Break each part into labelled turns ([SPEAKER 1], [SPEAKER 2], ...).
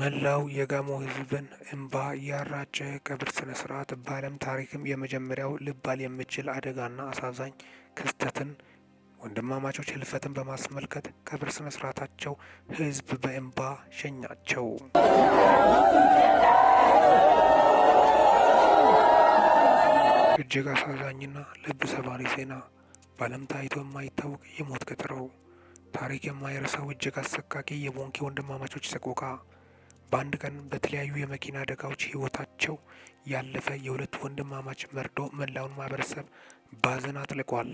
[SPEAKER 1] መላው የጋሞ ህዝብን እምባ ያራጨ ቀብር ስነ ስርዓት በዓለም ታሪክም የመጀመሪያው ልባል የሚችል አደጋና አሳዛኝ ክስተትን ወንድማማቾች ህልፈትን በማስመልከት ቀብር ስነ ስርዓታቸው ህዝብ በእምባ ሸኛቸው። እጅግ አሳዛኝና ልብ ሰባሪ ዜና በዓለም ታይቶ የማይታወቅ የሞት ቀጠሮ ታሪክ የማይረሳው እጅግ አሰቃቂ የቦንኬ ወንድማማቾች ሰቆቃ በአንድ ቀን በተለያዩ የመኪና አደጋዎች ህይወታቸው ያለፈ የሁለት ወንድማማች መርዶ መላውን ማህበረሰብ ባዘን አጥልቋል።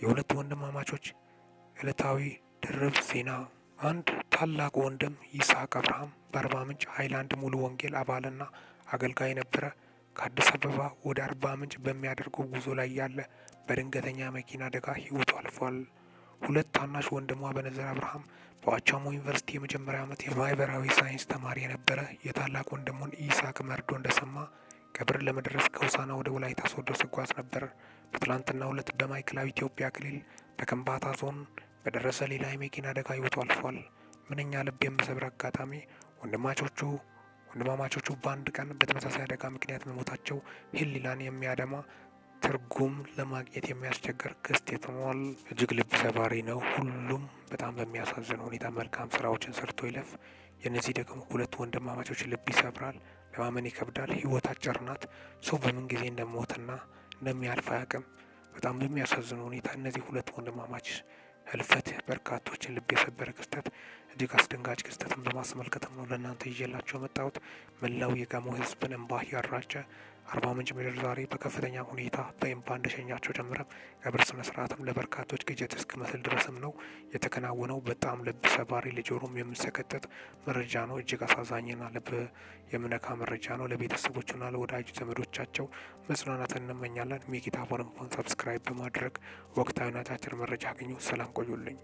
[SPEAKER 1] የሁለት ወንድማማቾች ዕለታዊ ድርብ ዜና። አንድ ታላቁ ወንድም ይስሐቅ አብርሃም በአርባ ምንጭ ሀይላንድ ሙሉ ወንጌል አባልና አገልጋይ ነበረ። ከአዲስ አበባ ወደ አርባ ምንጭ በሚያደርገው ጉዞ ላይ ያለ በድንገተኛ መኪና አደጋ ህይወቱ አልፏል። ሁለት ታናሽ ወንድሟ በነዘር አብርሃም በዋቻሞ ዩኒቨርሲቲ የመጀመሪያ ዓመት የማህበራዊ ሳይንስ ተማሪ የነበረ የታላቅ ወንድሙን ኢሳቅ መርዶ እንደሰማ ከብር ለመድረስ ከውሳና ወደ ወላይታ ሶዶ ስጓዝ ነበር። በትላንትናው ዕለት በማዕከላዊ ኢትዮጵያ ክልል በከምባታ ዞን በደረሰ ሌላ የመኪና አደጋ ህይወቱ አልፏል። ምንኛ ልብ የምሰብር አጋጣሚ! ወንድማቾቹ ወንድማማቾቹ በአንድ ቀን በተመሳሳይ አደጋ ምክንያት መሞታቸው ህሊናን የሚያደማ ትርጉም ለማግኘት የሚያስቸግር ክስት የትሟል እጅግ ልብ ሰባሪ ነው። ሁሉም በጣም በሚያሳዝን ሁኔታ መልካም ስራዎችን ሰርቶ ይለፍ። የነዚህ ደግሞ ሁለት ወንድማማቾች ልብ ይሰብራል። ለማመን ይከብዳል። ህይወት አጭር ናት። ሰው በምን ጊዜ እንደሞትና እንደሚያልፍ አያውቅም። በጣም በሚያሳዝን ሁኔታ እነዚህ ሁለት ወንድማማች ህልፈት በርካቶችን ልብ የሰበረ ክስተት እጅግ አስደንጋጭ ክስተትን በማስመልከትም ነው ለእናንተ ይዤላቸው መጣሁት። መላው የጋሞ ህዝብን እንባ ያራጨ አርባ ምንጭ ምድር ዛሬ በከፍተኛ ሁኔታ በእምባ እንደሸኛቸው ጨምረም ቀብር ስነ ስርዓትም ለበርካቶች ግጀት እስክ መስል ድረስም ነው የተከናወነው። በጣም ልብ ሰባሪ ልጆሮም የምሰቀጥጥ መረጃ ነው። እጅግ አሳዛኝና ልብ የምነካ መረጃ ነው። ለቤተሰቦቹና ለወዳጅ ዘመዶቻቸው መጽናናት እንመኛለን። ሚጌታ እንኳን ሰብስክራይብ በማድረግ ወቅታዊና አጫጭር መረጃ አግኙ። ሰላም ቆዩልኝ።